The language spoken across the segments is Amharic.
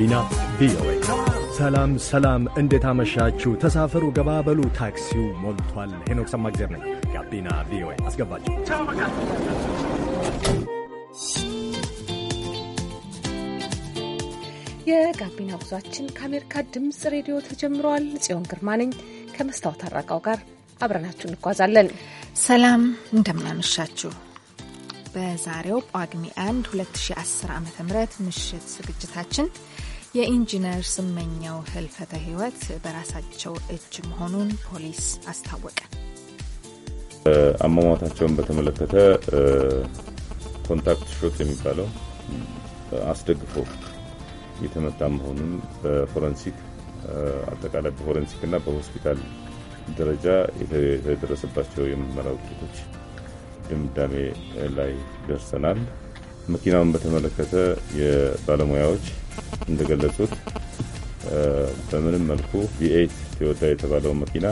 ጋቢና ቪኦኤ። ሰላም ሰላም፣ እንዴት አመሻችሁ? ተሳፈሩ፣ ገባበሉ፣ ታክሲው ሞልቷል። ሄኖክ ሰማግዜር ነኝ። ጋቢና ቪኦኤ አስገባችሁ። የጋቢና ጉዟችን ከአሜሪካ ድምፅ ሬዲዮ ተጀምረዋል። ጽዮን ግርማ ነኝ ከመስታወት አራቃው ጋር አብረናችሁ እንጓዛለን። ሰላም እንደምናመሻችሁ። በዛሬው ጳጉሜ 1 2010 ዓ ም ምሽት ዝግጅታችን የኢንጂነር ስመኛው ህልፈተ ህይወት በራሳቸው እጅ መሆኑን ፖሊስ አስታወቀ። አሟሟታቸውን በተመለከተ ኮንታክት ሾት የሚባለው አስደግፎ የተመታ መሆኑን በፎረንሲክ አጠቃላይ በፎረንሲክ እና በሆስፒታል ደረጃ የተደረሰባቸው የምርመራ ውጤቶች ድምዳሜ ላይ ደርሰናል። መኪናውን በተመለከተ የባለሙያዎች እንደገለጹት በምንም መልኩ ቪኤት ቶዮታ የተባለው መኪና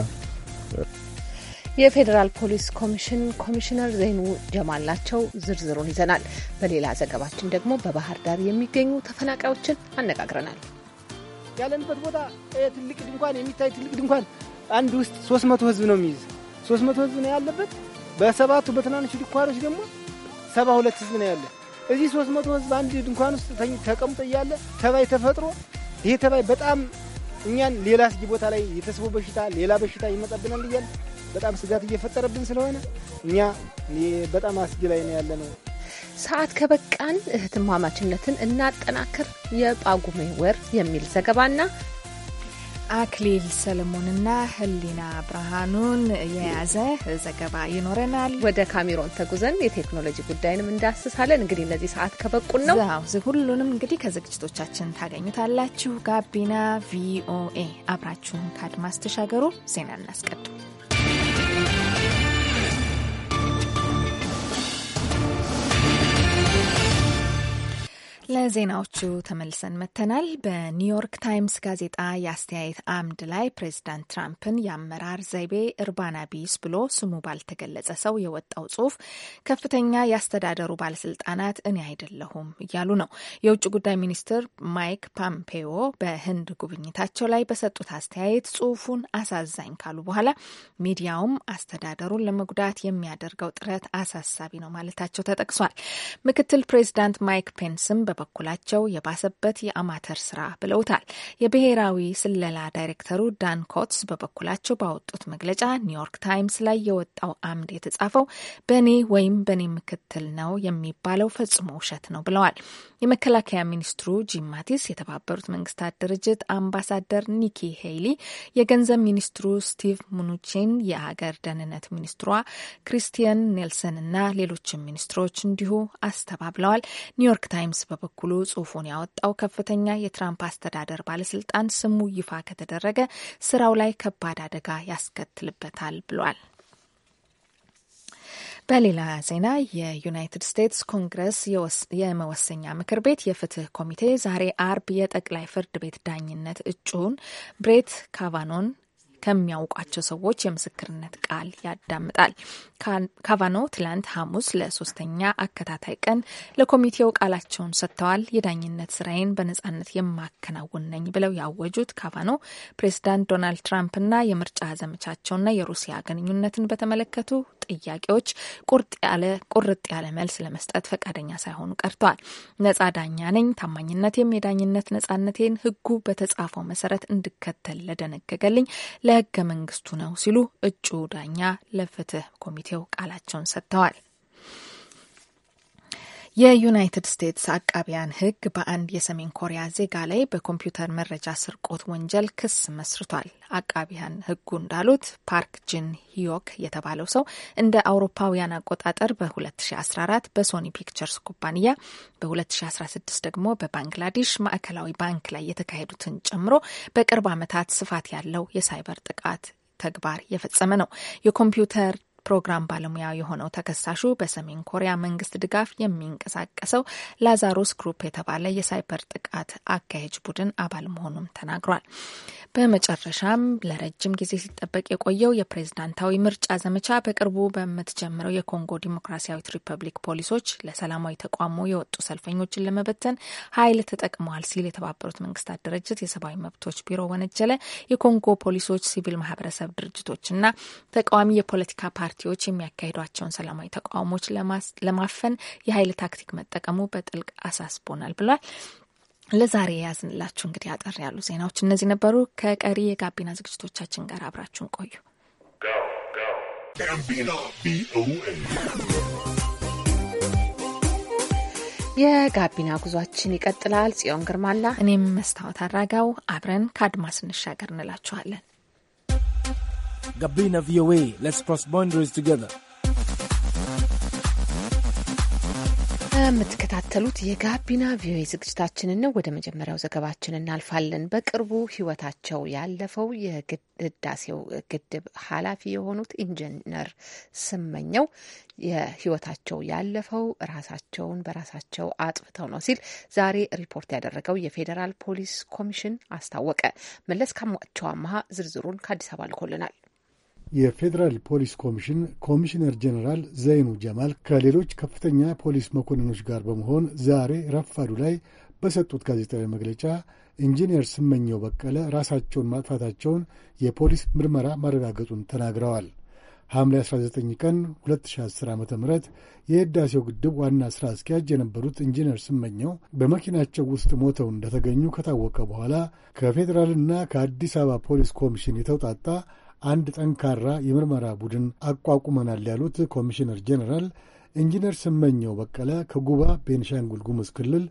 የፌዴራል ፖሊስ ኮሚሽን ኮሚሽነር ዘይኑ ጀማል ናቸው። ዝርዝሩን ይዘናል። በሌላ ዘገባችን ደግሞ በባህር ዳር የሚገኙ ተፈናቃዮችን አነጋግረናል። ያለንበት ቦታ ትልቅ ድንኳን የሚታይ ትልቅ ድንኳን አንድ ውስጥ ሶስት መቶ ህዝብ ነው የሚይዝ ሶስት መቶ ህዝብ ነው ያለበት። በሰባቱ በትናንሹ ድንኳኖች ደግሞ ሰባ ሁለት ህዝብ ነው ያለ እዚህ ሶስት መቶ ህዝብ አንድ ድንኳን ውስጥ ተቀምጦ እያለ ተባይ ተፈጥሮ ይሄ ተባይ በጣም እኛን ሌላ አስጊ ቦታ ላይ የተስቦ በሽታ ሌላ በሽታ ይመጣብናል እያለ በጣም ስጋት እየፈጠረብን ስለሆነ እኛ በጣም አስጊ ላይ ነው ያለ ነው። ሰዓት ከበቃን እህትማማችነትን እናጠናክር የጳጉሜ ወር የሚል ዘገባና አክሊል ሰለሞንና ህሊና ብርሃኑን የያዘ ዘገባ ይኖረናል። ወደ ካሜሮን ተጉዘን የቴክኖሎጂ ጉዳይንም እንዳስሳለን። እንግዲህ እነዚህ ሰዓት ከበቁን ነው። ሁሉንም እንግዲህ ከዝግጅቶቻችን ታገኙታላችሁ። ጋቢና ቪኦኤ አብራችሁን ከአድማስ ተሻገሩ። ዜና እናስቀድም። ለዜናዎቹ ተመልሰን መጥተናል። በኒውዮርክ ታይምስ ጋዜጣ የአስተያየት አምድ ላይ ፕሬዚዳንት ትራምፕን የአመራር ዘይቤ እርባና ቢስ ብሎ ስሙ ባልተገለጸ ሰው የወጣው ጽሁፍ ከፍተኛ የአስተዳደሩ ባለስልጣናት እኔ አይደለሁም እያሉ ነው። የውጭ ጉዳይ ሚኒስትር ማይክ ፖምፔዮ በህንድ ጉብኝታቸው ላይ በሰጡት አስተያየት ጽሁፉን አሳዛኝ ካሉ በኋላ ሚዲያውም አስተዳደሩን ለመጉዳት የሚያደርገው ጥረት አሳሳቢ ነው ማለታቸው ተጠቅሷል። ምክትል ፕሬዚዳንት ማይክ ፔንስም በበኩላቸው የባሰበት የአማተር ስራ ብለውታል። የብሔራዊ ስለላ ዳይሬክተሩ ዳን ኮትስ በበኩላቸው ባወጡት መግለጫ ኒውዮርክ ታይምስ ላይ የወጣው አምድ የተጻፈው በእኔ ወይም በእኔ ምክትል ነው የሚባለው ፈጽሞ ውሸት ነው ብለዋል። የመከላከያ ሚኒስትሩ ጂም ማቲስ፣ የተባበሩት መንግስታት ድርጅት አምባሳደር ኒኪ ሄይሊ፣ የገንዘብ ሚኒስትሩ ስቲቭ ሙኑቺን፣ የሀገር ደህንነት ሚኒስትሯ ክሪስቲያን ኔልሰን እና ሌሎችም ሚኒስትሮች እንዲሁ አስተባብለዋል። ኒውዮርክ ታይምስ በበኩሉ ጽሁፉን ያወጣው ከፍተኛ የትራምፕ አስተዳደር ባለስልጣን ስሙ ይፋ ከተደረገ ስራው ላይ ከባድ አደጋ ያስከትልበታል ብሏል። በሌላ ዜና የዩናይትድ ስቴትስ ኮንግረስ የመወሰኛ ምክር ቤት የፍትህ ኮሚቴ ዛሬ አርብ የጠቅላይ ፍርድ ቤት ዳኝነት እጩውን ብሬት ካቫኖን ከሚያውቋቸው ሰዎች የምስክርነት ቃል ያዳምጣል። ካቫኖ ትላንት ሐሙስ ለሶስተኛ አከታታይ ቀን ለኮሚቴው ቃላቸውን ሰጥተዋል። የዳኝነት ስራዬን በነጻነት የማከናውን ነኝ ብለው ያወጁት ካቫኖ ፕሬዚዳንት ዶናልድ ትራምፕና የምርጫ ዘመቻቸውና የሩሲያ ግንኙነትን በተመለከቱ ጥያቄዎች ቁርጥ ያለ ቁርጥ ያለ መልስ ለመስጠት ፈቃደኛ ሳይሆኑ ቀርተዋል። ነጻ ዳኛ ነኝ፣ ታማኝነቴም የዳኝነት ነጻነቴን ህጉ በተጻፈው መሰረት እንድከተል ለደነገገልኝ ለህገ መንግስቱ ነው ሲሉ እጩ ዳኛ ለፍትህ ኮሚቴው ቃላቸውን ሰጥተዋል። የዩናይትድ ስቴትስ አቃቢያን ሕግ በአንድ የሰሜን ኮሪያ ዜጋ ላይ በኮምፒውተር መረጃ ስርቆት ወንጀል ክስ መስርቷል። አቃቢያን ሕጉ እንዳሉት ፓርክ ጂን ሂዮክ የተባለው ሰው እንደ አውሮፓውያን አቆጣጠር በ2014 በሶኒ ፒክቸርስ ኩባንያ፣ በ2016 ደግሞ በባንግላዴሽ ማዕከላዊ ባንክ ላይ የተካሄዱትን ጨምሮ በቅርብ ዓመታት ስፋት ያለው የሳይበር ጥቃት ተግባር የፈጸመ ነው። የኮምፒውተር ፕሮግራም ባለሙያ የሆነው ተከሳሹ በሰሜን ኮሪያ መንግስት ድጋፍ የሚንቀሳቀሰው ላዛሮስ ግሩፕ የተባለ የሳይበር ጥቃት አካሄጅ ቡድን አባል መሆኑም ተናግሯል። በመጨረሻም ለረጅም ጊዜ ሲጠበቅ የቆየው የፕሬዝዳንታዊ ምርጫ ዘመቻ በቅርቡ በምትጀምረው የኮንጎ ዲሞክራሲያዊት ሪፐብሊክ ፖሊሶች ለሰላማዊ ተቋሞ የወጡ ሰልፈኞችን ለመበተን ኃይል ተጠቅመዋል ሲል የተባበሩት መንግስታት ድርጅት የሰብአዊ መብቶች ቢሮ ወነጀለ። የኮንጎ ፖሊሶች ሲቪል ማህበረሰብ ድርጅቶችና ተቃዋሚ የፖለቲካ ፓርቲ ፓርቲዎች የሚያካሂዷቸውን ሰላማዊ ተቃውሞዎች ለማፈን የኃይል ታክቲክ መጠቀሙ በጥልቅ አሳስቦናል ብሏል። ለዛሬ የያዝንላችሁ እንግዲህ አጠር ያሉ ዜናዎች እነዚህ ነበሩ። ከቀሪ የጋቢና ዝግጅቶቻችን ጋር አብራችሁን ቆዩ። የጋቢና ጉዟችን ይቀጥላል። ጽዮን ግርማላ፣ እኔም መስታወት አድራጋው አብረን ከአድማስ እንሻገር እንላችኋለን። Gabina VOA. Let's cross boundaries together. የምትከታተሉት የጋቢና ቪኦኤ ዝግጅታችንን ነው። ወደ መጀመሪያው ዘገባችን እናልፋለን። በቅርቡ ሕይወታቸው ያለፈው የህዳሴው ግድብ ኃላፊ የሆኑት ኢንጂነር ስመኘው የሕይወታቸው ያለፈው ራሳቸውን በራሳቸው አጥፍተው ነው ሲል ዛሬ ሪፖርት ያደረገው የፌዴራል ፖሊስ ኮሚሽን አስታወቀ። መለስካቸው አመሀ ዝርዝሩን ከአዲስ አበባ ልኮልናል። የፌዴራል ፖሊስ ኮሚሽን ኮሚሽነር ጀኔራል ዘይኑ ጀማል ከሌሎች ከፍተኛ ፖሊስ መኮንኖች ጋር በመሆን ዛሬ ረፋዱ ላይ በሰጡት ጋዜጣዊ መግለጫ ኢንጂነር ስመኘው በቀለ ራሳቸውን ማጥፋታቸውን የፖሊስ ምርመራ ማረጋገጡን ተናግረዋል። ሐምሌ 19 ቀን 2010 ዓ ም የህዳሴው ግድብ ዋና ሥራ አስኪያጅ የነበሩት ኢንጂነር ስመኘው በመኪናቸው ውስጥ ሞተው እንደተገኙ ከታወቀ በኋላ ከፌዴራልና ከአዲስ አበባ ፖሊስ ኮሚሽን የተውጣጣ አንድ ጠንካራ የምርመራ ቡድን አቋቁመናል ያሉት ኮሚሽነር ጄኔራል ኢንጂነር ስመኘው በቀለ ከጉባ ቤንሻንጉል ጉሙዝ ክልል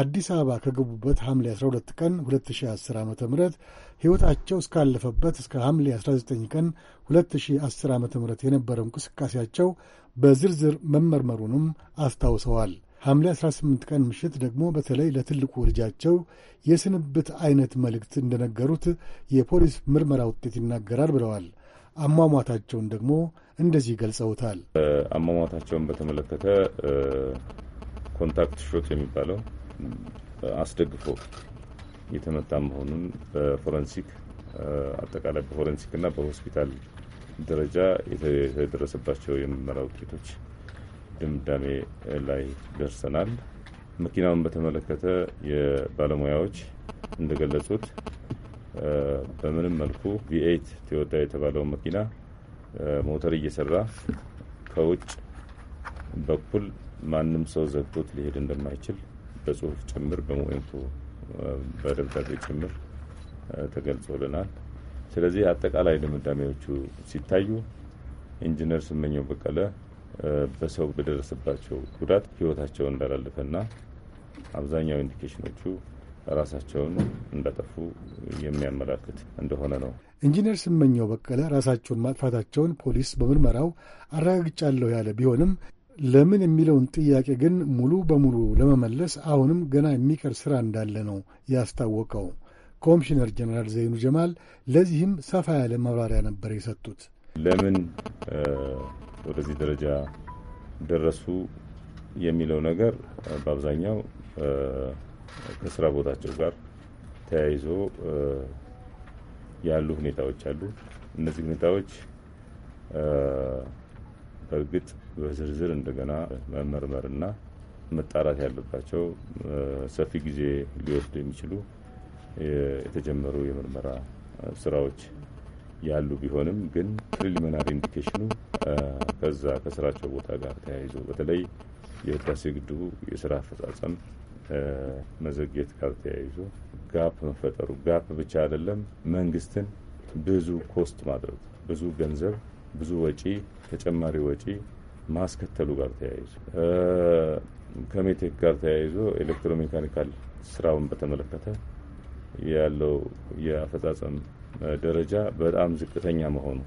አዲስ አበባ ከገቡበት ሐምሌ 12 ቀን 2010 ዓ ም ሕይወታቸው እስካለፈበት እስከ ሐምሌ 19 ቀን 2010 ዓ ም የነበረው እንቅስቃሴያቸው በዝርዝር መመርመሩንም አስታውሰዋል። ሐምሌ 18 ቀን ምሽት ደግሞ በተለይ ለትልቁ ልጃቸው የስንብት አይነት መልእክት እንደነገሩት የፖሊስ ምርመራ ውጤት ይናገራል ብለዋል። አሟሟታቸውን ደግሞ እንደዚህ ገልጸውታል። አሟሟታቸውን በተመለከተ ኮንታክት ሾት የሚባለው አስደግፎ የተመታ መሆኑን በፎረንሲክ አጠቃላይ በፎረንሲክ በሆስፒታል ደረጃ የተደረሰባቸው የምርመራ ውጤቶች ድምዳሜ ላይ ደርሰናል። መኪናውን በተመለከተ የባለሙያዎች እንደገለጹት በምንም መልኩ ቪኤት ቶዮታ የተባለውን መኪና ሞተር እየሰራ ከውጭ በኩል ማንም ሰው ዘግቶት ሊሄድ እንደማይችል በጽሁፍ ጭምር በሞንቱ በደብዳቤ ጭምር ተገልጾልናል። ስለዚህ አጠቃላይ ድምዳሜዎቹ ሲታዩ ኢንጂነር ስመኘው በቀለ በሰው በደረሰባቸው ጉዳት ህይወታቸውን እንዳላለፈና አብዛኛው ኢንዲኬሽኖቹ ራሳቸውን እንዳጠፉ የሚያመላክት እንደሆነ ነው። ኢንጂነር ስመኘው በቀለ ራሳቸውን ማጥፋታቸውን ፖሊስ በምርመራው አረጋግጫለሁ ያለ ቢሆንም ለምን የሚለውን ጥያቄ ግን ሙሉ በሙሉ ለመመለስ አሁንም ገና የሚቀር ስራ እንዳለ ነው ያስታወቀው። ኮሚሽነር ጀኔራል ዘይኑ ጀማል ለዚህም ሰፋ ያለ ማብራሪያ ነበር የሰጡት። ለምን ወደዚህ ደረጃ ደረሱ የሚለው ነገር በአብዛኛው ከስራ ቦታቸው ጋር ተያይዞ ያሉ ሁኔታዎች አሉ። እነዚህ ሁኔታዎች በእርግጥ በዝርዝር እንደገና መመርመርና መጣራት ያለባቸው ሰፊ ጊዜ ሊወስዱ የሚችሉ የተጀመሩ የምርመራ ስራዎች ያሉ ቢሆንም ግን ፕሪሊሚናሪ ኢንዲኬሽኑ ከዛ ከስራቸው ቦታ ጋር ተያይዞ በተለይ የህዳሴ ግድቡ የስራ አፈጻጸም መዘግየት ጋር ተያይዞ ጋፕ መፈጠሩ ጋፕ ብቻ አይደለም፣ መንግስትን ብዙ ኮስት ማድረግ ብዙ ገንዘብ ብዙ ወጪ ተጨማሪ ወጪ ማስከተሉ ጋር ተያይዞ ከሜቴክ ጋር ተያይዞ ኤሌክትሮሜካኒካል ስራውን በተመለከተ ያለው የአፈጻጸም ደረጃ በጣም ዝቅተኛ መሆኑ፣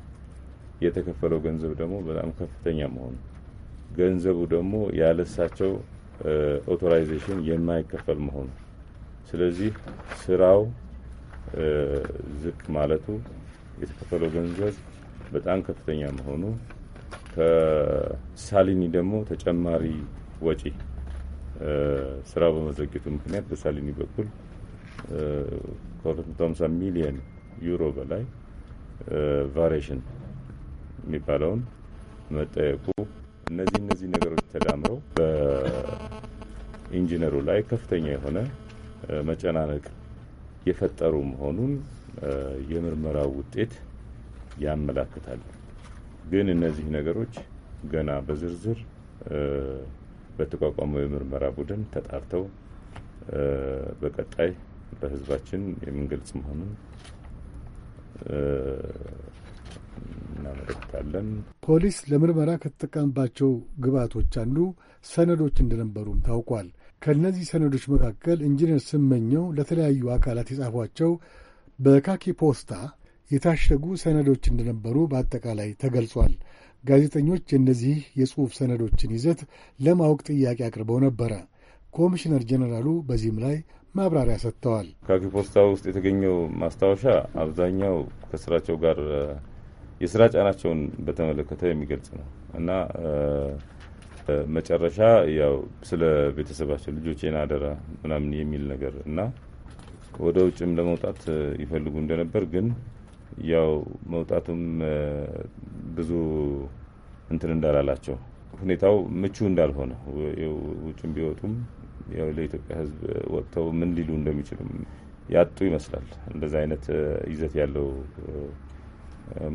የተከፈለው ገንዘብ ደግሞ በጣም ከፍተኛ መሆኑ፣ ገንዘቡ ደግሞ ያለሳቸው ኦቶራይዜሽን የማይከፈል መሆኑ፣ ስለዚህ ስራው ዝቅ ማለቱ፣ የተከፈለው ገንዘብ በጣም ከፍተኛ መሆኑ ከሳሊኒ ደግሞ ተጨማሪ ወጪ ስራው በመዘግየቱ ምክንያት በሳሊኒ በኩል ከ250 ሚሊየን ዩሮ በላይ ቫሪሽን የሚባለውን መጠየቁ እነዚህ እነዚህ ነገሮች ተዳምረው በኢንጂነሩ ላይ ከፍተኛ የሆነ መጨናነቅ የፈጠሩ መሆኑን የምርመራው ውጤት ያመላክታል። ግን እነዚህ ነገሮች ገና በዝርዝር በተቋቋመው የምርመራ ቡድን ተጣርተው በቀጣይ በህዝባችን የምንገልጽ መሆኑን እናመለክታለን። ፖሊስ ለምርመራ ከተጠቀምባቸው ግብዓቶች አንዱ ሰነዶች እንደነበሩም ታውቋል። ከእነዚህ ሰነዶች መካከል ኢንጂነር ስመኘው ለተለያዩ አካላት የጻፏቸው በካኪ ፖስታ የታሸጉ ሰነዶች እንደነበሩ በአጠቃላይ ተገልጿል። ጋዜጠኞች የእነዚህ የጽሑፍ ሰነዶችን ይዘት ለማወቅ ጥያቄ አቅርበው ነበረ። ኮሚሽነር ጀኔራሉ በዚህም ላይ ማብራሪያ ሰጥተዋል። ካኪ ፖስታ ውስጥ የተገኘው ማስታወሻ አብዛኛው ከስራቸው ጋር የስራ ጫናቸውን በተመለከተ የሚገልጽ ነው እና መጨረሻ ያው ስለ ቤተሰባቸው ልጆቼን አደራ ምናምን የሚል ነገር እና ወደ ውጭም ለመውጣት ይፈልጉ እንደነበር ግን ያው መውጣቱም ብዙ እንትን እንዳላላቸው ሁኔታው ምቹ እንዳልሆነ ውጭም ቢወጡም ለኢትዮጵያ ሕዝብ ወጥተው ምን ሊሉ እንደሚችሉም ያጡ ይመስላል። እንደዚ አይነት ይዘት ያለው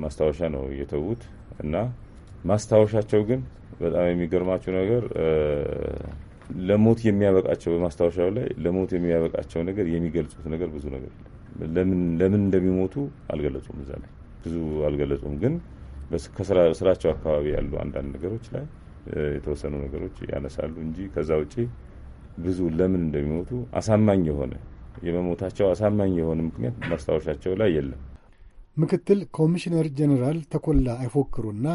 ማስታወሻ ነው እየተዉት እና ማስታወሻቸው ግን በጣም የሚገርማቸው ነገር ለሞት የሚያበቃቸው በማስታወሻው ላይ ለሞት የሚያበቃቸው ነገር የሚገልጹት ነገር ብዙ ነገር ለምን እንደሚሞቱ አልገለጹም። እዛ ላይ ብዙ አልገለጹም። ግን ከስራቸው አካባቢ ያሉ አንዳንድ ነገሮች ላይ የተወሰኑ ነገሮች ያነሳሉ እንጂ ከዛ ውጪ ብዙ ለምን እንደሚሞቱ አሳማኝ የሆነ የመሞታቸው አሳማኝ የሆነ ምክንያት ማስታወሻቸው ላይ የለም። ምክትል ኮሚሽነር ጀኔራል ተኮላ አይፎክሩና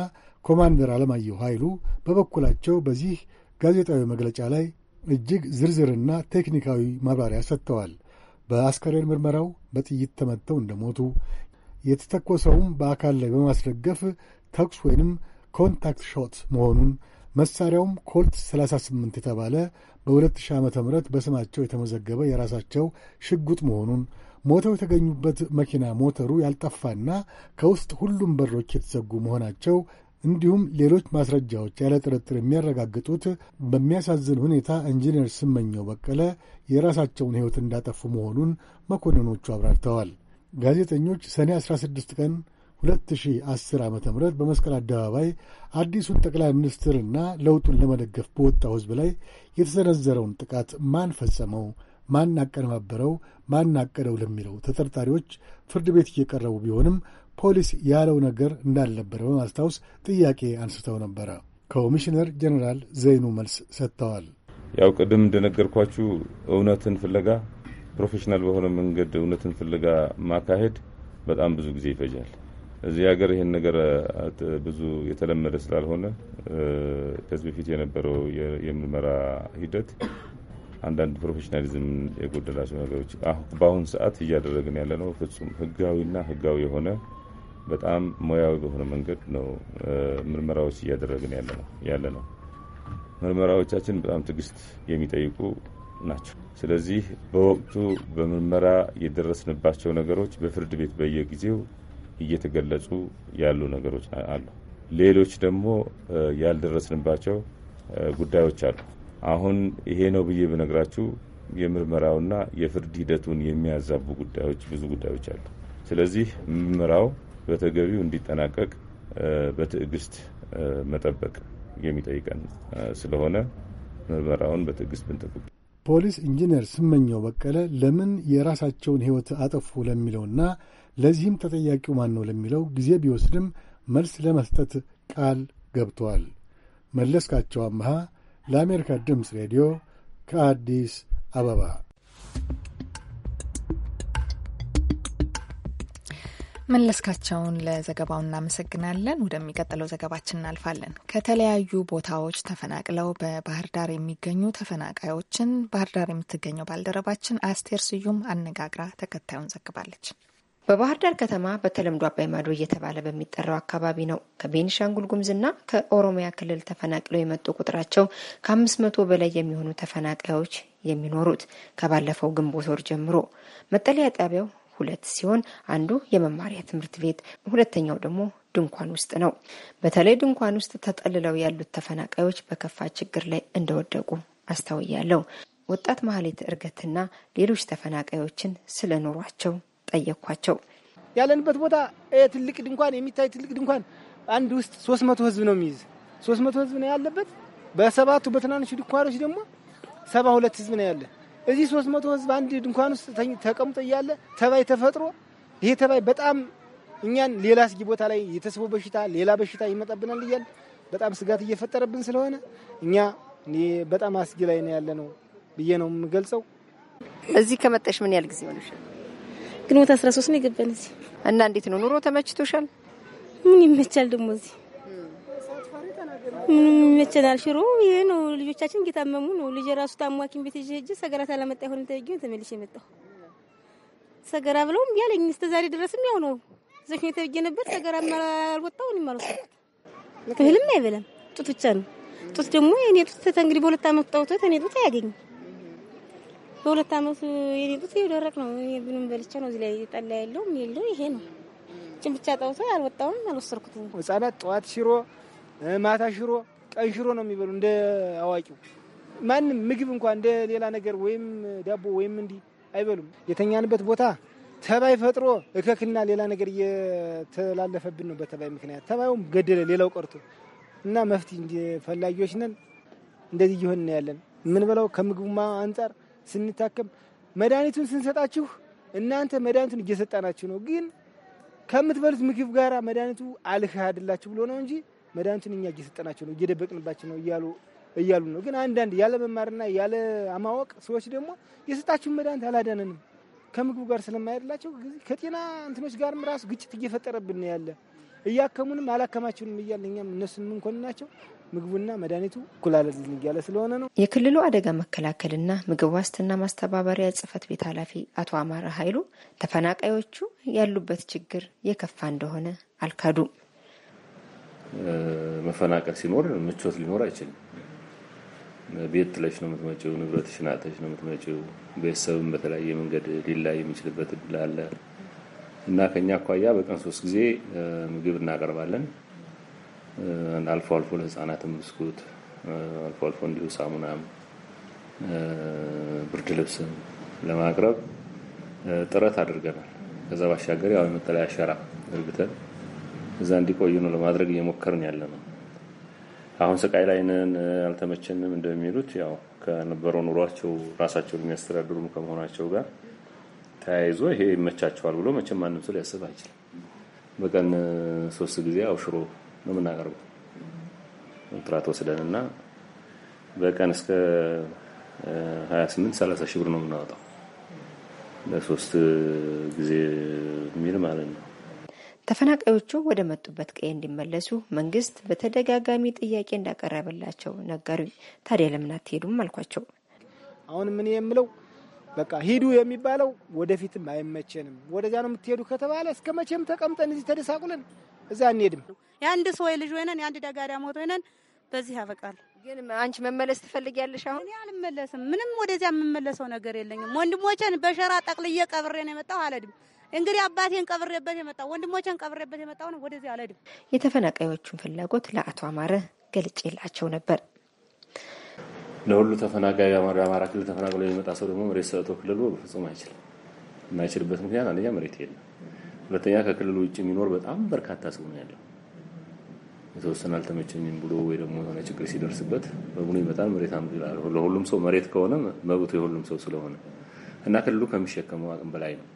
ኮማንደር አለማየሁ ኃይሉ በበኩላቸው በዚህ ጋዜጣዊ መግለጫ ላይ እጅግ ዝርዝርና ቴክኒካዊ ማብራሪያ ሰጥተዋል። በአስከሬን ምርመራው በጥይት ተመትተው እንደሞቱ የተተኮሰውም በአካል ላይ በማስደገፍ ተኩስ ወይንም ኮንታክት ሾት መሆኑን መሳሪያውም ኮልት 38 የተባለ በ2000 ዓ ም በስማቸው የተመዘገበ የራሳቸው ሽጉጥ መሆኑን ሞተው የተገኙበት መኪና ሞተሩ ያልጠፋና ከውስጥ ሁሉም በሮች የተዘጉ መሆናቸው እንዲሁም ሌሎች ማስረጃዎች ያለ ጥርጥር የሚያረጋግጡት በሚያሳዝን ሁኔታ ኢንጂነር ስመኘው በቀለ የራሳቸውን ሕይወት እንዳጠፉ መሆኑን መኮንኖቹ አብራርተዋል። ጋዜጠኞች ሰኔ 16 ቀን 2010 ዓ ም በመስቀል አደባባይ አዲሱን ጠቅላይ ሚኒስትርና ለውጡን ለመደገፍ በወጣው ሕዝብ ላይ የተሰነዘረውን ጥቃት ማን ፈጸመው፣ ማን አቀነባበረው፣ ማን አቀደው ለሚለው ተጠርጣሪዎች ፍርድ ቤት እየቀረቡ ቢሆንም ፖሊስ ያለው ነገር እንዳልነበረ በማስታወስ ጥያቄ አንስተው ነበረ። ኮሚሽነር ጀኔራል ዘይኑ መልስ ሰጥተዋል። ያው ቅድም እንደነገርኳችሁ እውነትን ፍለጋ ፕሮፌሽናል በሆነ መንገድ እውነትን ፍለጋ ማካሄድ በጣም ብዙ ጊዜ ይፈጃል። እዚህ ሀገር ይህን ነገር ብዙ የተለመደ ስላልሆነ ከዚህ በፊት የነበረው የምርመራ ሂደት አንዳንድ ፕሮፌሽናሊዝም የጎደላቸው ነገሮች በአሁኑ ሰዓት እያደረግን ያለ ነው። ፍጹም ህጋዊና ህጋዊ የሆነ በጣም ሙያዊ በሆነ መንገድ ነው ምርመራዎች እያደረግን ያለ ነው። ምርመራዎቻችን በጣም ትዕግስት የሚጠይቁ ናቸው። ስለዚህ በወቅቱ በምርመራ የደረስንባቸው ነገሮች በፍርድ ቤት በየጊዜው እየተገለጹ ያሉ ነገሮች አሉ። ሌሎች ደግሞ ያልደረስንባቸው ጉዳዮች አሉ። አሁን ይሄ ነው ብዬ ብነግራችሁ የምርመራውና የፍርድ ሂደቱን የሚያዛቡ ጉዳዮች ብዙ ጉዳዮች አሉ። ስለዚህ ምርመራው በተገቢው እንዲጠናቀቅ በትዕግስት መጠበቅ የሚጠይቀን ስለሆነ ምርመራውን በትዕግስት ብንጠብቅ ፖሊስ ኢንጂነር ስመኘው በቀለ ለምን የራሳቸውን ሕይወት አጠፉ ለሚለውና ለዚህም ተጠያቂው ማን ነው ለሚለው ጊዜ ቢወስድም መልስ ለመስጠት ቃል ገብተዋል። መለስካቸው አምሃ ለአሜሪካ ድምፅ ሬዲዮ ከአዲስ አበባ መለስካቸውን ለዘገባው እናመሰግናለን። ወደሚቀጥለው ዘገባችን እናልፋለን። ከተለያዩ ቦታዎች ተፈናቅለው በባህር ዳር የሚገኙ ተፈናቃዮችን ባህር ዳር የምትገኘው ባልደረባችን አስቴር ስዩም አነጋግራ ተከታዩን ዘግባለች። በባህር ዳር ከተማ በተለምዶ አባይ ማዶ እየተባለ በሚጠራው አካባቢ ነው ከቤኒሻንጉል ጉሙዝና ከኦሮሚያ ክልል ተፈናቅለው የመጡ ቁጥራቸው ከአምስት መቶ በላይ የሚሆኑ ተፈናቃዮች የሚኖሩት ከባለፈው ግንቦት ወር ጀምሮ መጠለያ ጣቢያው ሁለት ሲሆን አንዱ የመማሪያ ትምህርት ቤት፣ ሁለተኛው ደግሞ ድንኳን ውስጥ ነው። በተለይ ድንኳን ውስጥ ተጠልለው ያሉት ተፈናቃዮች በከፋ ችግር ላይ እንደወደቁ አስታውያለሁ። ወጣት መሀሌት እርገትና ሌሎች ተፈናቃዮችን ስለ ኑሯቸው ጠየኳቸው። ያለንበት ቦታ ትልቅ ድንኳን የሚታይ ትልቅ ድንኳን አንድ ውስጥ ሶስት መቶ ህዝብ ነው የሚይዝ ሶስት መቶ ህዝብ ነው ያለበት። በሰባቱ በትናንሹ ድንኳኖች ደግሞ ሰባ ሁለት ህዝብ ነው ያለን እዚህ ሶስት መቶ ህዝብ አንድ ድንኳን ውስጥ ተቀምጦ እያለ ተባይ ተፈጥሮ ይሄ ተባይ በጣም እኛን ሌላ አስጊ ቦታ ላይ የተስቦ በሽታ ሌላ በሽታ ይመጣብናል እያለ በጣም ስጋት እየፈጠረብን ስለሆነ እኛ በጣም አስጊ ላይ ነው ያለ ነው ብዬ ነው የምገልጸው። እዚህ ከመጣሽ ምን ያህል ጊዜ ሆነሻል? ግንቦት 13 ነው የገባን እዚህ። እና እንዴት ነው ኑሮ ተመችቶሻል? ምን ይመቻል ደግሞ እዚህ ምንም ይመቸናል። ሽሮ ይሄ ነው። ልጆቻችን እየታመሙ ነው። ልጅ ራሱ ታሟኪን ቤት ይዤ ሂጅ ሰገራ ሳላመጣ ይሆን ተይገኝ ተመልሼ የመጣሁ ሰገራ ብለውም እምቢ አለኝ። እስከ ዛሬ ድረስም ያው ነው። ዘሽ ነው ነበር። ሰገራ አልወጣው ነው ማለት ነው። እህልም አይበላም። ጡት ብቻ ነው። ጡት ደግሞ የኔ ጡት እንግዲህ በሁለት አመት ጣውቶት ተኔ ጡት አያገኝም። በሁለት አመቱ የኔ ጡት ደረቅ ነው። ምንም በልቻ ነው። እዚህ ላይ ጠላ ያለውም የለው ይሄ ነው። ጭን ብቻ ጣውቶ አልወጣውም፣ አልወሰድኩትም። ህጻናት ጠዋት ሽሮ ማታ ሽሮ፣ ቀን ሽሮ ነው የሚበሉ እንደ አዋቂው። ማንም ምግብ እንኳ እንደ ሌላ ነገር ወይም ዳቦ ወይም እንዲህ አይበሉም። የተኛንበት ቦታ ተባይ ፈጥሮ እከክና ሌላ ነገር እየተላለፈብን ነው በተባይ ምክንያት። ተባዩም ገደለ ሌላው ቀርቶ እና መፍትሄ ፈላጊዎች ነን። እንደዚህ እየሆን ያለን የምንበላው ከምግቡማ አንጻር ስንታከም መድኃኒቱን ስንሰጣችሁ እናንተ መድኃኒቱን እየሰጣናችሁ ነው፣ ግን ከምትበሉት ምግብ ጋር መድኃኒቱ አልህ አይደላችሁ ብሎ ነው እንጂ መድኃኒቱን እኛ እየሰጠናቸው ነው፣ እየደበቅንባቸው ነው እያሉ እያሉ ነው። ግን አንዳንድ ያለ መማርና ያለ አማወቅ ሰዎች ደግሞ የሰጣችሁን መድኃኒት አላዳነንም ከምግቡ ጋር ስለማይሄድላቸው ከጤና እንትኖች ጋርም ራሱ ግጭት እየፈጠረብን ያለ እያከሙንም አላከማችሁንም እያለ እኛም እነሱን ናቸው ምግቡና መድኃኒቱ እኩል አለልን እያለ ስለሆነ ነው። የክልሉ አደጋ መከላከልና ምግብ ዋስትና ማስተባበሪያ ጽህፈት ቤት ኃላፊ አቶ አማራ ኃይሉ ተፈናቃዮቹ ያሉበት ችግር የከፋ እንደሆነ አልካዱም። መፈናቀል ሲኖር ምቾት ሊኖር አይችልም። ቤት ጥለሽ ነው የምትመጪው፣ ንብረትሽን አጥተሽ ነው የምትመጪው። ቤተሰብም በተለያየ መንገድ ሊላይ የሚችልበት እድል አለ እና ከኛ አኳያ በቀን ሶስት ጊዜ ምግብ እናቀርባለን። አልፎ አልፎ ለህፃናትም ብስኩት፣ አልፎ አልፎ እንዲሁ ሳሙናም ብርድ ልብስም ለማቅረብ ጥረት አድርገናል። ከዛ ባሻገር ያው የመጠለያ አሸራ እርግተን እዛ እንዲቆዩ ነው ለማድረግ እየሞከርን ያለ ነው። አሁን ስቃይ ላይ ነን፣ አልተመቸንም እንደሚሉት ያው ከነበረው ኑሯቸው ራሳቸውን የሚያስተዳድሩም ከመሆናቸው ጋር ተያይዞ ይሄ ይመቻቸዋል ብሎ መቼም ማንም ሰው ሊያስብ አይችልም። በቀን ሶስት ጊዜ አውሽሮ ነው የምናቀርበው ጥራት ወስደንና በቀን እስከ 28 30 ሺህ ብር ነው የምናወጣው ለሶስት ጊዜ የሚል ማለት ነው። ተፈናቃዮቹ ወደ መጡበት ቀይ እንዲመለሱ መንግስት በተደጋጋሚ ጥያቄ እንዳቀረበላቸው ነገሩኝ። ታዲያ ለምን አትሄዱም አልኳቸው። አሁን ምን የምለው በቃ ሂዱ የሚባለው ወደፊትም አይመቸንም። ወደዚያ ነው የምትሄዱ ከተባለ እስከ መቼም ተቀምጠን እዚህ ተደሳቁለን እዛ አንሄድም። የአንድ ሰወይ ልጅ ወይነን የአንድ ደጋዳ ሞት ወይነን በዚህ ያበቃል። ግን አንቺ መመለስ ትፈልጊያለሽ? አሁን እኔ አልመለስም። ምንም ወደዚያ የምመለሰው ነገር የለኝም። ወንድሞቼን በሸራ ጠቅልዬ ቀብሬ ነው የመጣው አለድም እንግዲህ አባቴን ቀብሬበት የመጣው ወንድሞቼን ቀብሬበት የመጣው ነው። ወደዚህ አልሄድም። የተፈናቃዮቹን ፍላጎት ለአቶ አማረ ገልጬላቸው ነበር። ለሁሉ ተፈናቃይ አማራ ክልል ተፈናቅሎ የሚመጣ ሰው ደግሞ መሬት ሰጥቶ ክልሉ በፍጹም አይችልም። የማይችልበት ምክንያት አንደኛ መሬት የለም፣ ሁለተኛ ከክልሉ ውጭ የሚኖር በጣም በርካታ ሰው ነው ያለው። የተወሰነ አልተመቸኝም ብሎ ወይ ደግሞ የሆነ ችግር ሲደርስበት በቡኑ ይመጣል። መሬት አንዱ ይላል። ለሁሉም ሰው መሬት ከሆነ መብቱ የሁሉም ሰው ስለሆነ እና ክልሉ ከሚሸከመው አቅም በላይ ነው።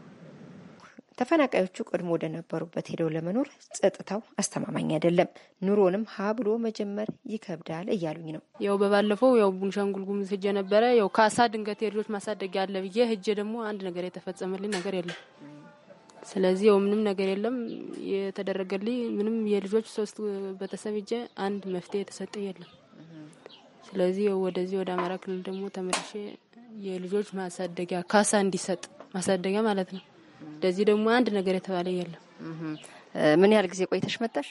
ተፈናቃዮቹ ቀድሞ ወደነበሩበት ሄደው ለመኖር ጸጥታው አስተማማኝ አይደለም፣ ኑሮንም ሀ ብሎ መጀመር ይከብዳል እያሉኝ ነው። ያው በባለፈው ያው ቡንሻንጉል ጉሙዝ ሄጄ ነበረ። ያው ካሳ ድንገት የልጆች ማሳደግ ያለ ብዬ ህጀ ደግሞ አንድ ነገር የተፈጸመልኝ ነገር የለም። ስለዚህ ያው ምንም ነገር የለም የተደረገልኝ ምንም የልጆች ሶስት ቤተሰብ ሄጄ አንድ መፍትሄ የተሰጠ የለም። ስለዚህ ወደዚህ ወደ አማራ ክልል ደግሞ ተመልሼ የልጆች ማሳደጊያ ካሳ እንዲሰጥ ማሳደጊያ ማለት ነው እንደዚህ ደግሞ አንድ ነገር የተባለ የለም። ምን ያህል ጊዜ ቆይተሽ መጣሽ?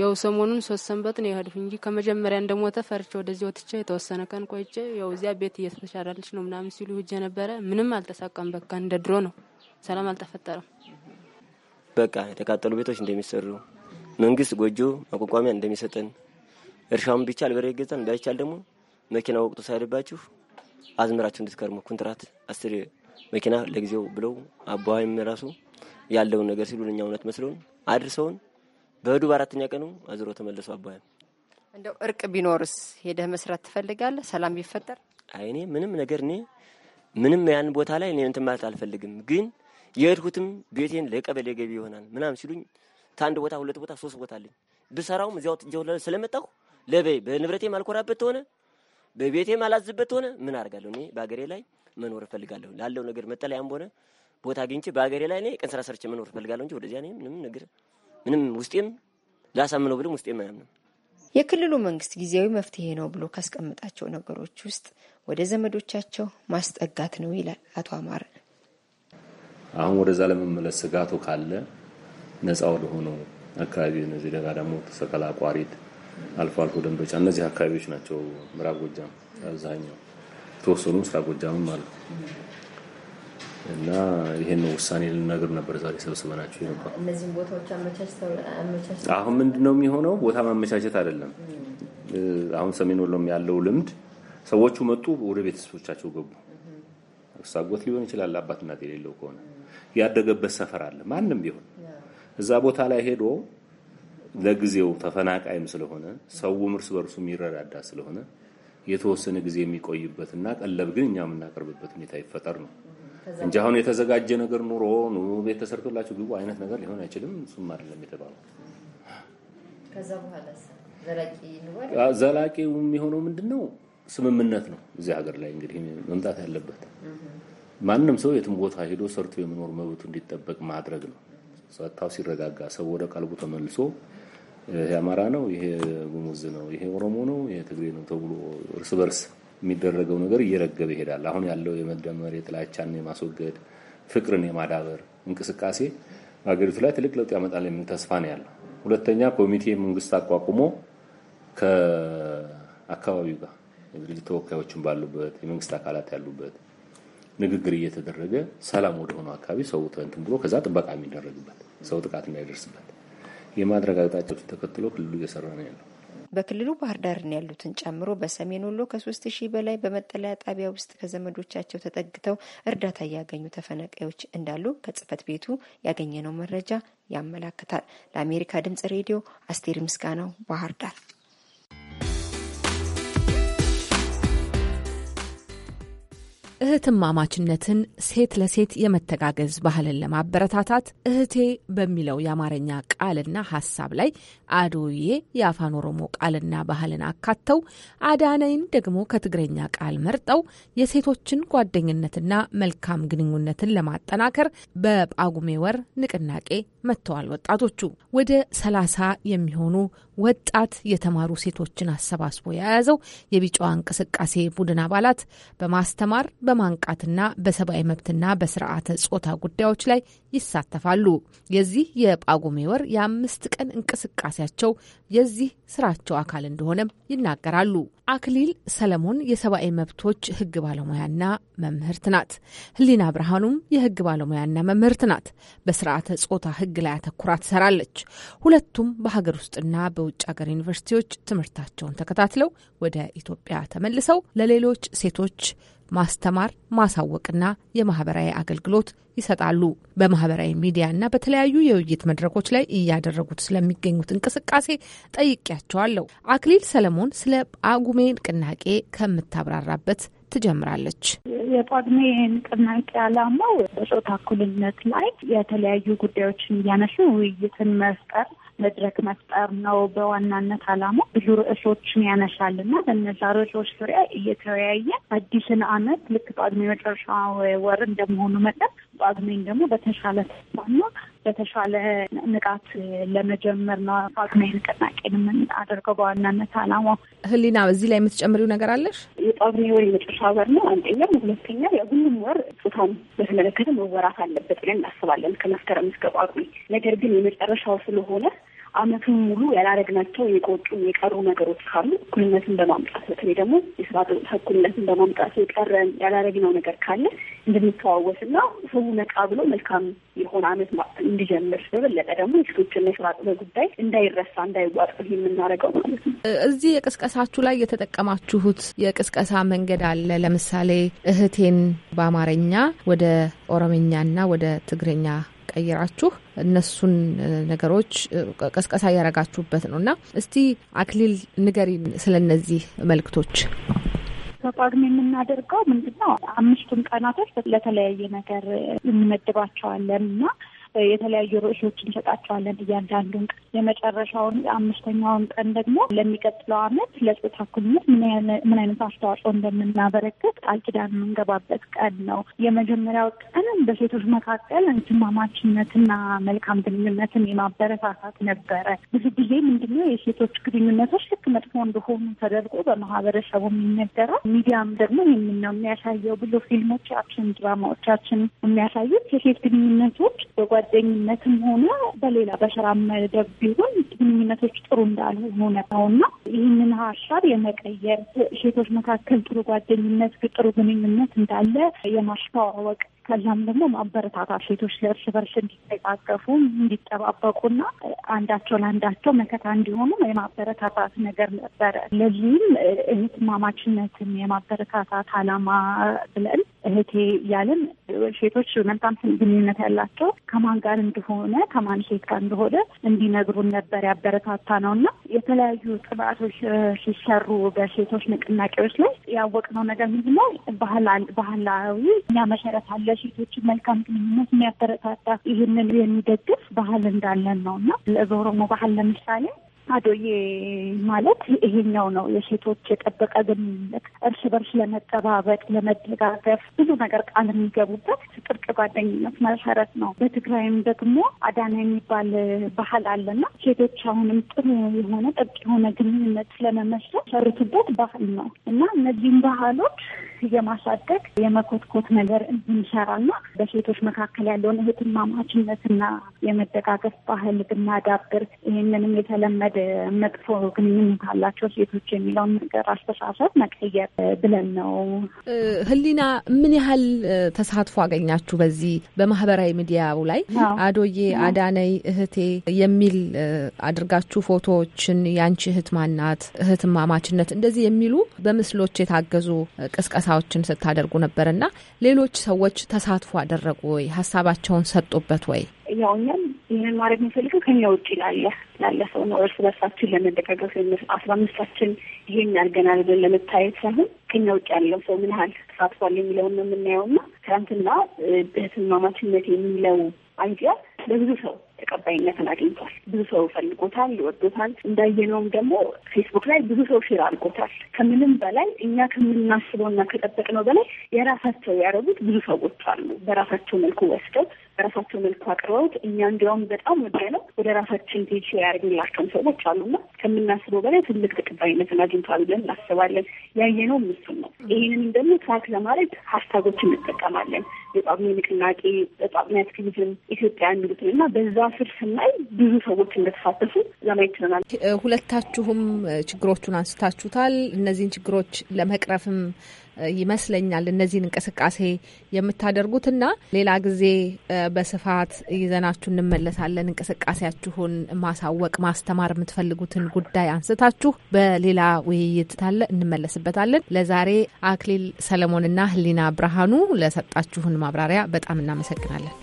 ያው ሰሞኑን ሶስት ሰንበት ነው የሄድኩ እንጂ ከመጀመሪያ እንደሞተ ፈርቼ ወደዚህ ወጥቼ የተወሰነ ቀን ቆይቼ ያው እዚያ ቤት እየተሻራለች ነው ምናምን ሲሉ ሂጄ ነበረ። ምንም አልተሳካም። በቃ እንደ ድሮ ነው። ሰላም አልተፈጠረም። በቃ የተቃጠሉ ቤቶች እንደሚሰሩ መንግስት ጎጆ መቋቋሚያ እንደሚሰጠን እርሻውን ቢቻል በሬ ይገዛል፣ ባይቻል ደግሞ መኪና ወቅቱ ሳይደባችሁ አዝምራችሁ እንድትከርሙ ኩንትራት አስር መኪና ለጊዜው ብለው አባይም ራሱ ያለውን ነገር ሲሉ እኛ እውነት መስሎን አድርሰውን በህዱ በአራተኛ ቀኑ አዝሮ ተመለሱ። አባይም እንደው እርቅ ቢኖርስ ሄደህ መስራት ትፈልጋለህ? ሰላም ቢፈጠር አይኔ ምንም ነገር እኔ ምንም ያን ቦታ ላይ እኔ እንትን ማለት አልፈልግም። ግን የእድሁትም ቤቴን ለቀበሌ ገቢ ይሆናል ምናምን ሲሉኝ ታንድ ቦታ ሁለት ቦታ ሶስት ቦታ አለኝ ብሰራውም እዚያው ስለመጣሁ ለበይ በንብረቴ ማልኮራበት ተሆነ በቤቴ ማላዝበት ሆነ ምን አርጋለሁ እኔ በሀገሬ ላይ መኖር እፈልጋለሁ። ላለው ነገር መጠለያም ሆነ ቦታ አግኝቼ በሀገሬ ላይ እኔ ቀን ስራ ሰርቼ መኖር እፈልጋለሁ እንጂ ወደዚያ ምንም ነገር ምንም ውስጤም ላሳምነው ብሎም ውስጤም አያምንም። የክልሉ መንግስት ጊዜያዊ መፍትሄ ነው ብሎ ካስቀምጣቸው ነገሮች ውስጥ ወደ ዘመዶቻቸው ማስጠጋት ነው ይላል አቶ አማረ። አሁን ወደዛ ለመመለስ ስጋቱ ካለ ነጻ ወደሆነው አካባቢ እነዚህ ደጋ ደግሞ ተሰቀላ ቋሪት አልፎ አልፎ ደንበጫ፣ እነዚህ አካባቢዎች ናቸው። ምዕራብ ጎጃም አብዛኛው የተወሰኑ ምስራቅ ጎጃምም አሉ እና ይሄን ውሳኔ ልንነግር ነበር ዛሬ ሰብስበናቸው ነበር። እነዚህም ቦታዎች አሁን ምንድነው የሚሆነው? ቦታ ማመቻቸት አይደለም። አሁን ሰሜን ወሎም ያለው ልምድ ሰዎቹ መጡ፣ ወደ ቤተሰቦቻቸው ገቡ። ሳጎት ሊሆን ይችላል አባት እናት የሌለው ከሆነ ያደገበት ሰፈር አለ። ማንም ቢሆን እዛ ቦታ ላይ ሄዶ ለጊዜው ተፈናቃይም ስለሆነ ሰውም እርስ በርሱ የሚረዳዳ ስለሆነ የተወሰነ ጊዜ የሚቆይበትና ቀለብ ግን እኛ የምናቀርብበት ሁኔታ ይፈጠር ነው እንጂ አሁን የተዘጋጀ ነገር ኑሮ ኑ ቤት ተሰርቶላችሁ ግቡ አይነት ነገር ሊሆን አይችልም። እሱም አይደለም የተባለው። ዘላቂው የሚሆነው ምንድን ነው? ስምምነት ነው። እዚህ ሀገር ላይ እንግዲህ መምጣት ያለበት ማንም ሰው የትም ቦታ ሄዶ ሰርቶ የመኖር መብቱ እንዲጠበቅ ማድረግ ነው። ጸጥታው ሲረጋጋ ሰው ወደ ቀልቡ ተመልሶ ይሄ አማራ ነው፣ ይሄ ጉሙዝ ነው፣ ይሄ ኦሮሞ ነው፣ ይሄ ትግሬ ነው ተብሎ እርስ በርስ የሚደረገው ነገር እየረገበ ይሄዳል። አሁን ያለው የመደመር የጥላቻን የማስወገድ ፍቅርን የማዳበር እንቅስቃሴ በሀገሪቱ ላይ ትልቅ ለውጥ ያመጣል የሚል ተስፋ ነው ያለው። ሁለተኛ ኮሚቴ መንግስት አቋቁሞ ከአካባቢው ጋር የግል ተወካዮችን ባሉበት የመንግስት አካላት ያሉበት ንግግር እየተደረገ ሰላም ሆነው አካባቢ ሰው እንትን ብሎ ከዛ ጥበቃ የሚደረግበት ሰው ጥቃት እንዳይደርስበት የማድረግ አቅጣጫዎችን ተከትሎ ክልሉ እየሰራ ነው ያለው። በክልሉ ባህር ዳርን ያሉትን ጨምሮ በሰሜን ወሎ ከሶስት ሺህ በላይ በመጠለያ ጣቢያ ውስጥ ከዘመዶቻቸው ተጠግተው እርዳታ እያገኙ ተፈናቃዮች እንዳሉ ከጽህፈት ቤቱ ያገኘነው መረጃ ያመላክታል። ለአሜሪካ ድምጽ ሬዲዮ አስቴር ምስጋናው ባህር ዳር። እህትማማችነትን፣ ሴት ለሴት የመተጋገዝ ባህልን ለማበረታታት እህቴ በሚለው የአማርኛ ቃልና ሀሳብ ላይ አዶዬ የአፋን ኦሮሞ ቃልና ባህልን አካተው አዳነይን ደግሞ ከትግረኛ ቃል መርጠው የሴቶችን ጓደኝነትና መልካም ግንኙነትን ለማጠናከር በጳጉሜ ወር ንቅናቄ መጥተዋል። ወጣቶቹ ወደ ሰላሳ የሚሆኑ ወጣት የተማሩ ሴቶችን አሰባስቦ የያዘው የቢጫዋ እንቅስቃሴ ቡድን አባላት በማስተማር በማንቃትና በሰብአዊ መብትና በስርዓተ ጾታ ጉዳዮች ላይ ይሳተፋሉ። የዚህ የጳጉሜ ወር የአምስት ቀን እንቅስቃሴያቸው የዚህ ስራቸው አካል እንደሆነም ይናገራሉ። አክሊል ሰለሞን የሰብአዊ መብቶች ህግ ባለሙያና መምህርት ናት። ህሊና ብርሃኑም የህግ ባለሙያና መምህርት ናት። በስርዓተ ጾታ ህግ ላይ አተኩራ ትሰራለች። ሁለቱም በሀገር ውስጥና በውጭ ሀገር ዩኒቨርሲቲዎች ትምህርታቸውን ተከታትለው ወደ ኢትዮጵያ ተመልሰው ለሌሎች ሴቶች ማስተማር፣ ማሳወቅና የማህበራዊ አገልግሎት ይሰጣሉ። በማህበራዊ ሚዲያ እና በተለያዩ የውይይት መድረኮች ላይ እያደረጉት ስለሚገኙት እንቅስቃሴ ጠይቄያቸዋለሁ። አክሊል ሰለሞን ስለ ጳጉሜ ንቅናቄ ከምታብራራበት ትጀምራለች። የጳጉሜ ንቅናቄ ዓላማው በጾታ እኩልነት ላይ የተለያዩ ጉዳዮችን እያነሱ ውይይትን መፍጠር መድረክ መፍጠር ነው በዋናነት ዓላማው። ብዙ ርዕሶችን ያነሳል እና በነዛ ርዕሶች ዙሪያ እየተወያየ አዲስን ዓመት ልክ ጳጉሜ መጨረሻ ወር እንደመሆኑ መጠን ጳጉሜን ደግሞ በተሻለ ተስፋና በተሻለ ንቃት ለመጀመር ነው ፋግማ ንቅናቄ የምናደርገው በዋናነት አላማ። ህሊና፣ በዚህ ላይ የምትጨምሪው ነገር አለሽ? የጳጉሜ ወር የመጨረሻ ወር ነው አንደኛም፣ ሁለተኛ የሁሉም ወር ጾታን በተመለከተ መወራት አለበት ብለን እናስባለን ከመስከረም እስከ ጳጉሜ። ነገር ግን የመጨረሻው ስለሆነ አመቱን ሙሉ ያላረግናቸው የቆጡ የቀሩ ነገሮች ካሉ እኩልነትን በማምጣት በተለይ ደግሞ የስራ ጾታ እኩልነትን በማምጣት የቀረን ያላረግነው ነገር ካለ እንድንተዋወስና ሰው ነቃ ብሎ መልካም የሆነ አመት እንዲጀምር በበለጠ ደግሞ የሴቶችና የስራ ጾታ ጉዳይ እንዳይረሳ እንዳይዋጥ የምናደርገው ማለት ነው። እዚህ የቅስቀሳችሁ ላይ የተጠቀማችሁት የቅስቀሳ መንገድ አለ። ለምሳሌ እህቴን በአማርኛ ወደ ኦሮምኛና ወደ ትግርኛ ቀይራችሁ እነሱን ነገሮች ቀስቀሳ እያረጋችሁበት ነው እና እስቲ አክሊል ንገሪ ስለ እነዚህ መልእክቶች። በጳጉሜ የምናደርገው ምንድነው? አምስቱን ቀናቶች ለተለያየ ነገር እንመድባቸዋለን እና የተለያዩ ርዕሶች እንሰጣቸዋለን። እያንዳንዱን ቀን የመጨረሻውን አምስተኛውን ቀን ደግሞ ለሚቀጥለው አመት ለጾታ እኩልነት ምን አይነት አስተዋጽኦ እንደምናበረክት ቃል ኪዳን የምንገባበት ቀን ነው። የመጀመሪያው ቀን በሴቶች መካከል ትማማችነትና መልካም ግንኙነትን የማበረታታት ነበረ። ብዙ ጊዜ ምንድነው የሴቶች ግንኙነቶች ልክ መጥፎ እንደሆኑ ተደርጎ በማህበረሰቡ የሚነገረው ሚዲያም ደግሞ ይህንን ነው የሚያሳየው። ብዙ ፊልሞቻችን፣ ድራማዎቻችን የሚያሳዩት የሴት ግንኙነቶች በጓ በጓደኝነትም ሆነ በሌላ በስራ መደብ ቢሆን ግንኙነቶች ጥሩ እንዳሉ ነው እና ይህንን ሀሳብ የመቀየር ሴቶች መካከል ጥሩ ጓደኝነት፣ ጥሩ ግንኙነት እንዳለ የማስተዋወቅ ከዛም ደግሞ ማበረታታት ሴቶች ለእርስ በርስ እንዲተቃቀፉ እንዲጠባበቁና አንዳቸው ለአንዳቸው መከታ እንዲሆኑ የማበረታታት ነገር ነበረ። ለዚህም እህትማማችነትን የማበረታታት አላማ ብለን እህቴ እያለን ሴቶች መልካም ግንኙነት ያላቸው ከማን ጋር እንደሆነ ከማን ሴት ጋር እንደሆነ እንዲነግሩን ነበር ያበረታታ ነው እና የተለያዩ ጥባቶች ሲሰሩ በሴቶች ንቅናቄዎች ላይ ያወቅነው ነገር ምንድን ነው? ባህላዊ እኛ መሰረት አለ ሴቶች መልካም ግንኙነት የሚያበረታታ ይህንን የሚደግፍ ባህል እንዳለን ነው እና በኦሮሞ ባህል ለምሳሌ አዶዬ ማለት ይሄኛው ነው። የሴቶች የጠበቀ ግንኙነት፣ እርስ በርስ ለመጠባበቅ፣ ለመደጋገፍ ብዙ ነገር ቃል የሚገቡበት ጥብቅ ጓደኝነት መሰረት ነው። በትግራይም ደግሞ አዳና የሚባል ባህል አለና ሴቶች አሁንም ጥሩ የሆነ ጥብቅ የሆነ ግንኙነት ስለመመስረት ሰርቱበት ባህል ነው እና እነዚህም ባህሎች የማሳደግ የመኮትኮት ነገር እንድንሰራና በሴቶች መካከል ያለውን እህትማማችነትና የመደጋገፍ ባህል ብናዳብር ይህንንም የተለመደ መጥፎ ግንኙነት አላቸው ሴቶች የሚለውን ነገር አስተሳሰብ መቀየር ብለን ነው። ህሊና ምን ያህል ተሳትፎ አገኛችሁ? በዚህ በማህበራዊ ሚዲያው ላይ አዶዬ አዳነይ እህቴ የሚል አድርጋችሁ ፎቶዎችን የአንቺ እህት ማናት፣ እህትማማችነት እንደዚህ የሚሉ በምስሎች የታገዙ ቅስቀሳዎችን ስታደርጉ ነበር እና ሌሎች ሰዎች ተሳትፎ አደረጉ ወይ? ሀሳባቸውን ሰጡበት ወይ? ያው እኛም ይህንን ማድረግ የምንፈልገው ከኛ ውጭ ላለ ላለ ሰው ነው። እርስ በርሳችን ለመደጋገፍ አስራ አምስታችን ይሄን ያርገናል ብለን ለመታየት ሳይሆን ከኛ ውጭ ያለው ሰው ምን ያህል ተሳትፏል የሚለውን ነው የምናየው እና ትናንትና በህትማማችነት የሚለው አይዲያ ለብዙ ሰው ተቀባይነትን አግኝቷል። ብዙ ሰው ፈልጎታል፣ ይወዶታል። እንዳየነውም ደግሞ ፌስቡክ ላይ ብዙ ሰው ሼር አድርጎታል። ከምንም በላይ እኛ ከምናስበውና ከጠበቅነው በላይ የራሳቸው ያደረጉት ብዙ ሰዎች አሉ። በራሳቸው መልኩ ወስደው በራሳቸው መልኩ አቅርበውት እኛ እንዲያውም በጣም ወደ ነው ወደ ራሳችን ፔጅ ያደርግላቸውን ሰዎች አሉና ከምናስበው በላይ ትልቅ ተቀባይነትን አግኝቷል ብለን እናስባለን። ያየነውም እሱን ነው። ይህንንም ደግሞ ትራክ ለማድረግ ሀሽታጎችን እንጠቀማለን። የጳጉሜ ንቅናቄ፣ ጳጉሜ አክቲቪዝም ኢትዮጵያ የሚሉ ያሉትን እና በዛ ስር ስናይ ብዙ ሰዎች እንደተሳተፉ ለማየት ችለናል። ሁለታችሁም ችግሮቹን አንስታችሁታል። እነዚህን ችግሮች ለመቅረፍም ይመስለኛል እነዚህን እንቅስቃሴ የምታደርጉት እና ሌላ ጊዜ በስፋት ይዘናችሁ እንመለሳለን። እንቅስቃሴያችሁን ማሳወቅ፣ ማስተማር የምትፈልጉትን ጉዳይ አንስታችሁ በሌላ ውይይት ታለ እንመለስበታለን። ለዛሬ አክሊል ሰለሞንና ህሊና ብርሃኑ ለሰጣችሁን ማብራሪያ በጣም እናመሰግናለን።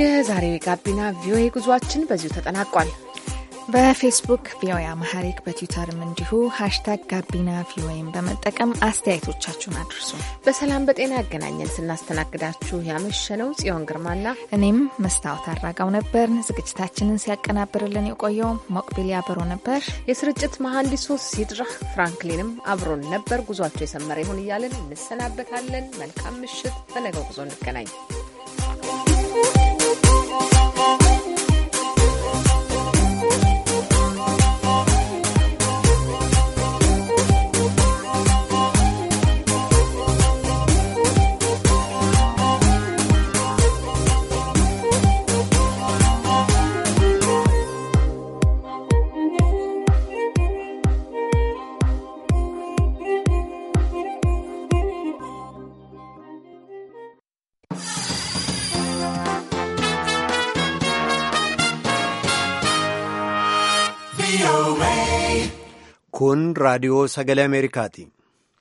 የዛሬው የጋቢና ቪኦኤ ጉዟችን በዚሁ ተጠናቋል። በፌስቡክ ቪኦኤ አማሐሪክ በትዊተርም እንዲሁ ሀሽታግ ጋቢና ቪኦኤም በመጠቀም አስተያየቶቻችሁን አድርሱ። በሰላም በጤና ያገናኘን። ስናስተናግዳችሁ ያመሸነው ጽዮን ግርማና እኔም መስታወት አራጋው ነበር። ዝግጅታችንን ሲያቀናብርልን የቆየው ሞቅቢል ያበሮ ነበር። የስርጭት መሐንዲሱ ሲድራህ ፍራንክሊንም አብሮን ነበር። ጉዟቸው የሰመረ ይሁን እያልን እንሰናበታለን። መልካም ምሽት። በነገው ጉዞ እንገናኝ። Kun raadiyoo sagale Ameerikaati.